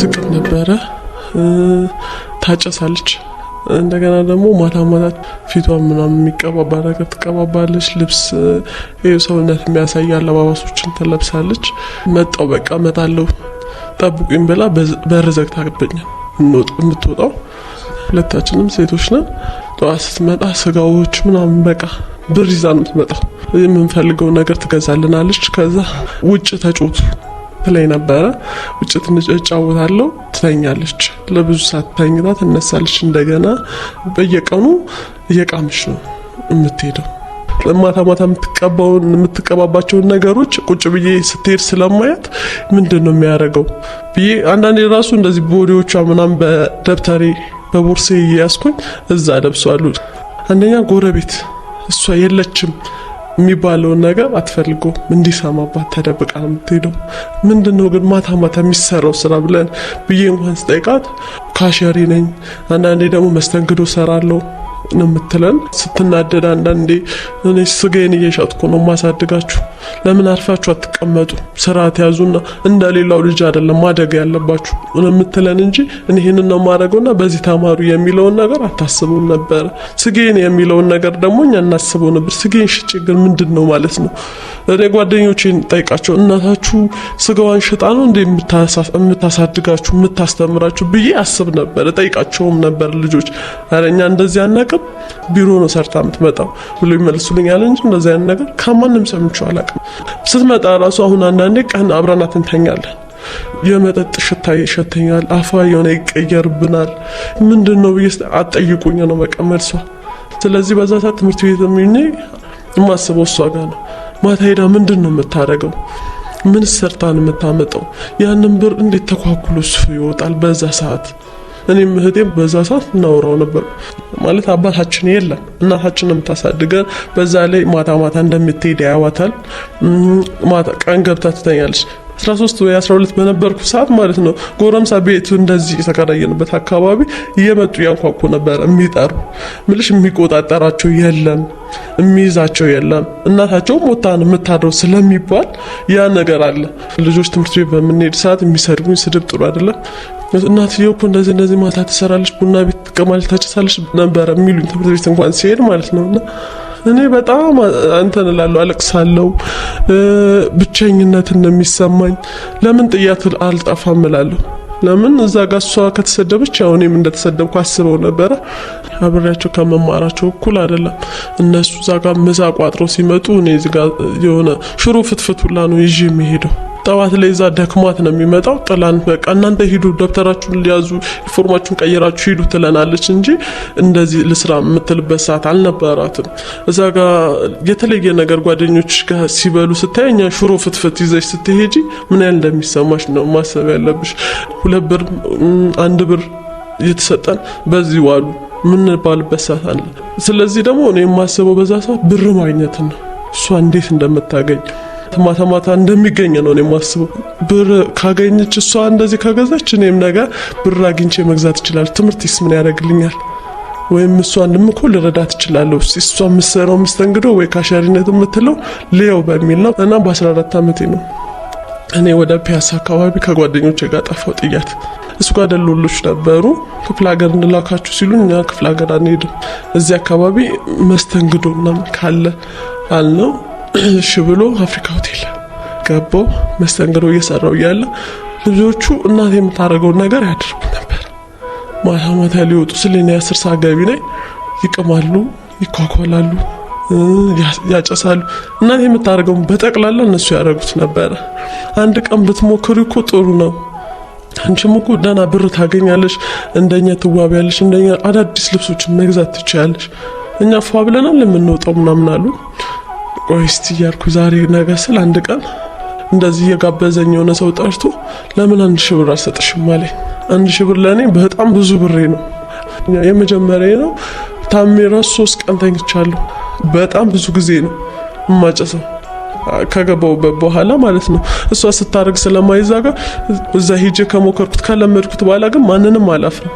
ትቅል ነበረ። ታጨሳለች። እንደገና ደግሞ ማታ ማታ ፊቷን ምናምን የሚቀባባ ነገር ትቀባባለች። ልብስ ሰውነት የሚያሳይ አለባባሶችን ትለብሳለች። መጣው በቃ መጣለው ጠብቁኝ ብላ በር ዘግታብኝ የምትወጣው። ሁለታችንም ሴቶች ነን። ጠዋት ስትመጣ ስጋዎች ምናምን በቃ ብር ይዛ ነው የምትመጣው። የምንፈልገው ነገር ትገዛልናለች። ከዛ ውጭ ተጮቱ። ላይ ነበረ። ውጭ ትንጭ እጫወታለሁ፣ ትተኛለች። ለብዙ ሰዓት ተኝታ ትነሳለች። እንደገና በየቀኑ እየቃምሽ ነው የምትሄደው። ማታ ማታ የምትቀባውን የምትቀባባቸውን ነገሮች ቁጭ ብዬ ስትሄድ ስለማያት ምንድን ነው የሚያደርገው ብዬ አንዳንዴ ራሱ እንደዚህ ቦዲዎቿ ምናም በደብተሬ በቦርሴ እያስኩኝ እዛ ለብሷሉ። አንደኛ ጎረቤት እሷ የለችም የሚባለውን ነገር አትፈልጉ እንዲሰማባት ተደብቃ ነው የምትሄደው። ምንድን ነው ግን ማታ ማታ የሚሰራው ስራ ብለን ብዬ እንኳን ስጠይቃት ካሸሪ ነኝ፣ አንዳንዴ ደግሞ መስተንግዶ ሰራለሁ ነው የምትለን። ስትናደድ አንዳንዴ እኔ ስጋዬን እየሸጥኩ ነው ማሳድጋችሁ ለምን አርፋችሁ አትቀመጡ? ስርዓት ያዙና እንደሌላው ልጅ አይደለም ማደግ ያለባችሁ የምትለን እንጂ ይህንን ነው ማድረገውና በዚህ ተማሩ የሚለውን ነገር አታስቡም ነበረ። ስጌን የሚለውን ነገር ደግሞ እኛ እናስበው ነበር። ስጌን ሽጭ ግን ምንድን ነው ማለት ነው? እኔ ጓደኞቼን ጠይቃቸው እናታችሁ ስጋዋን ሽጣ ነው እንደ የምታሳድጋችሁ የምታስተምራችሁ ብዬ አስብ ነበር። ጠይቃቸውም ነበር ልጆች ኧረ እኛ እንደዚህ አናቅም ቢሮ ነው ሰርታ የምትመጣው ብሎ ይመልሱልኛል እንጂ እንደዚህ አይነት ነገር ከማንም ሰምቼ አላቅም። ስትመጣ ራሱ አሁን አንዳንዴ ቀን አብረናት እንተኛለን። የመጠጥ ሽታ ይሸተኛል። አፏ የሆነ ይቀየርብናል። ምንድን ነው ብዬ አጠይቁኝ ነው በቃ ስለዚህ በዛ ሰዓት ትምህርት ቤት የሚኔ የማስበው እሷ ጋር ነው። ማታ ሄዳ ምንድን ነው የምታደርገው? ምን ሰርታን የምታመጠው? ያንን ብር እንዴት ተኳኩሎ እሱ ይወጣል በዛ ሰዓት እኔም እህቴም በዛ ሰዓት እናወራው ነበር። ማለት አባታችን የለም፣ እናታችን የምታሳድገን። በዛ ላይ ማታ ማታ እንደምትሄድ ያዋታል። ማታ ቀን ገብታ ትተኛለች። 13 ወይ 12 በነበርኩ ሰዓት ማለት ነው። ጎረምሳ ቤቱ እንደዚህ የተከራየንበት አካባቢ እየመጡ ያንኳኩ ነበር የሚጠሩ ምልሽ የሚቆጣጠራቸው የለም፣ የሚይዛቸው የለም። እናታቸው ሞታን የምታድረው ስለሚባል ያ ነገር አለ። ልጆች ትምህርት ቤት በምንሄድ ሰዓት የሚሰድቡኝ ስድብ ጥሩ አይደለም። እናትዬው እኮ እንደዚህ እንደዚህ ማታ ትሰራለች፣ ቡና ቤት ትቀማለች፣ ታጭሳለች ነበረ የሚሉኝ ትምህርት ቤት እንኳን ሲሄድ ማለት ነው። እና እኔ በጣም እንትን እላለሁ፣ አለቅሳለሁ፣ ብቸኝነት እንደሚሰማኝ ለምን ጥያት አልጠፋም እላለሁ። ለምን እዛ ጋር እሷ ከተሰደበች ያው እኔም እንደተሰደብኩ አስበው ነበረ። አብሬያቸው ከመማራቸው እኩል አይደለም። እነሱ እዛ ጋር ምሳ ቋጥረው ሲመጡ እኔ እዚህ ጋር የሆነ ሽሮ ፍትፍቱላ ነው ይዤ የሚሄደው። ጠዋት ላይ እዛ ደክሟት ነው የሚመጣው። ጥላን በቃ እናንተ ሂዱ ደብተራችሁን ሊያዙ ዩኒፎርማችሁን ቀይራችሁ ሂዱ ትለናለች እንጂ እንደዚህ ልስራ የምትልበት ሰዓት አልነበራትም። እዛ ጋ የተለየ ነገር ጓደኞች ጋር ሲበሉ ስታይ እኛ ሽሮ ፍትፍት ይዘሽ ስትሄጂ ምን ያህል እንደሚሰማሽ ነው ማሰብ ያለብሽ። ሁለት ብር አንድ ብር እየተሰጠን በዚህ ዋሉ ምንባልበት ሰዓት አለ። ስለዚህ ደግሞ እኔ የማስበው በዛ ሰዓት ብር ማግኘት ነው እሷ እንዴት እንደምታገኝ ማታ ማታ እንደሚገኝ ነው እኔ የማስበው። ብር ካገኘች እሷ እንደዚህ ከገዛች እኔም ነገ ብር አግኝቼ መግዛት ይችላል። ትምህርትስ ምን ያደርግልኛል? ወይም እሷን እኮ ልረዳት እችላለሁ። እሷ የምትሰራው መስተንግዶ ወይ ካሻሪነት የምትለው ልየው በሚል ነው እና በ14 ዓመቴ ነው እኔ ወደ ፒያሳ አካባቢ ከጓደኞች ጋር ጠፋው ጥያት እሱ ጋር ደሎሎች ነበሩ። ክፍለ ሀገር እንላካችሁ ሲሉ እኛ ክፍለ ሀገር አንሄድም፣ እዚህ አካባቢ መስተንግዶ ምናምን ካለ አልነው። እሺ ብሎ አፍሪካ ሆቴል ገቦ መስተንግዶ እየሰራው እያለ ልጆቹ እናት የምታደርገውን ነገር ያደርጉ ነበር። ማታ ማታ ሊወጡ ስለኔ አስር ሰዓት ገቢ ላይ ይቅማሉ፣ ይኳኳላሉ፣ ያጨሳሉ። እናት የምታደርገውን በጠቅላላ እነሱ ያደረጉት ነበረ። አንድ ቀን ብትሞክሪ እኮ ጥሩ ነው አንቺም እኮ ደህና ብር ታገኛለሽ፣ እንደኛ ትዋቢያለሽ፣ እንደኛ አዳዲስ ልብሶችን መግዛት ትችያለሽ። እኛ ፏ ብለናል የምንወጣው ምናምን አሉ። ቆይ እስቲ እያልኩ ዛሬ ነገ ስል አንድ ቀን እንደዚህ የጋበዘኝ የሆነ ሰው ጠርቶ ለምን አንድ ሺህ ብር አልሰጥሽም አለኝ። አንድ ሺህ ብር ለእኔ በጣም ብዙ ብሬ ነው፣ የመጀመሪያ ነው። ታሜ ራሱ ሶስት ቀን ተኝቻለሁ። በጣም ብዙ ጊዜ ነው እማጨሰው ከገባውበት በኋላ ማለት ነው። እሷ ስታደርግ ስለማይዛጋ እዛ ሄጄ ከሞከርኩት ከለመድኩት በኋላ ግን ማንንም አላፍርም።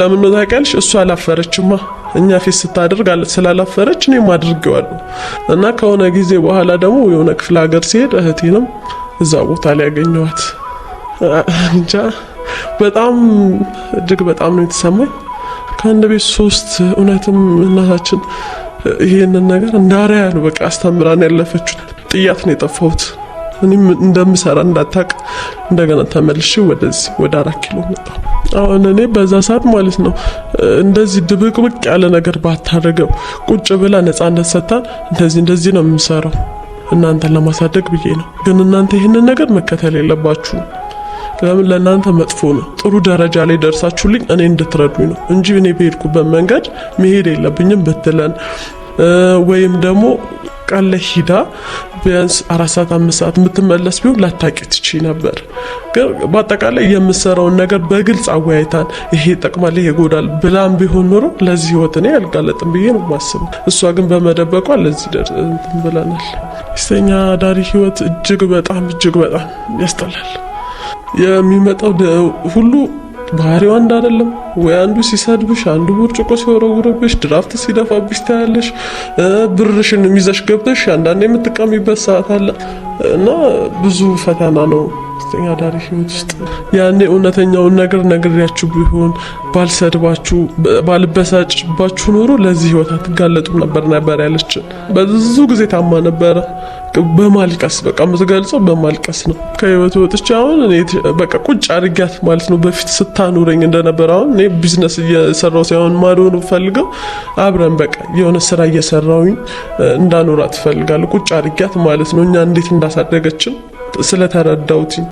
ለምን ነው ታውቂያለሽ? እሷ አላፈረችማ። እኛ ፊት ስታደርግ ስላላፈረች እኔም አድርጌዋለሁ እና ከሆነ ጊዜ በኋላ ደግሞ የሆነ ክፍለ ሀገር ሲሄድ እህቴንም እዛ ቦታ ላይ ያገኘዋት እንጃ በጣም እጅግ በጣም ነው የተሰማኝ። ከአንድ ቤት ሶስት እውነትም እናታችን ይሄንን ነገር እንዳሪያ ነው በቃ አስተምራን ያለፈችው። ጥያት ነው የጠፋሁት እኔም እንደምሰራ እንዳታቅ እንደገና ተመልሼ ወደዚህ ወደ አራት ኪሎ መጣ። አሁን እኔ በዛ ሰዓት ማለት ነው እንደዚህ ድብቅብቅ ያለ ነገር ባታደርገው ቁጭ ብላ ነጻነት ሰጥታን እንደዚህ እንደዚህ ነው የምሰራው እናንተን ለማሳደግ ብዬ ነው። ግን እናንተ ይህንን ነገር መከተል የለባችሁም። ለምን ለእናንተ መጥፎ ነው። ጥሩ ደረጃ ላይ ደርሳችሁልኝ እኔ እንድትረዱኝ ነው እንጂ እኔ በሄድኩበት መንገድ መሄድ የለብኝም ብትለን ወይም ደግሞ ቀን ላይ ሂዳ ቢያንስ አራት ሰዓት አምስት ሰዓት የምትመለስ ቢሆን ላታቂ ትችይ ነበር። ግን በአጠቃላይ የምሰራውን ነገር በግልጽ አወያይታል። ይሄ ይጠቅማል፣ ይሄ ይጎዳል ብላም ቢሆን ኖሮ ለዚህ ህይወት እኔ አልጋለጥም ብዬ ነው ማስበው። እሷ ግን በመደበቋ ለዚህ ደርስ ብላናል። ሴተኛ አዳሪ ህይወት እጅግ በጣም እጅግ በጣም ያስጠላል። የሚመጣው ሁሉ ባህሪዋ አንድ አይደለም ወይ? አንዱ ሲሰድብሽ፣ አንዱ ብርጭቆ ሲወረውርብሽ፣ ድራፍት ሲደፋብሽ ታያለሽ። ብርሽን ይዘሽ ገብተሽ አንዳንዴ የምትቀሚበት ሰዓት አለ እና ብዙ ፈተና ነው ሶስተኛ ዳሪ ህይወት ውስጥ ያኔ እውነተኛውን ነገር ነግሬያችሁ ቢሆን ባልሰድባችሁ ባልበሳጭባችሁ ኖሮ ለዚህ ህይወት አትጋለጡም ነበር ነበር ያለችን። በብዙ ጊዜ ታማ ነበረ። በማልቀስ በቃ የምትገልጸው በማልቀስ ነው። ከህይወት ወጥቼ አሁን እኔ በቃ ቁጭ አድርጊያት ማለት ነው። በፊት ስታኖረኝ እንደነበረ አሁን እኔ ቢዝነስ እየሰራው ሳይሆን ማድሆን ፈልገው አብረን በቃ የሆነ ስራ እየሰራውኝ እንዳኖራት ትፈልጋለሁ ቁጭ አድርጊያት ማለት ነው። እኛ እንዴት እንዳሳደገችን ስለተረዳውትኝ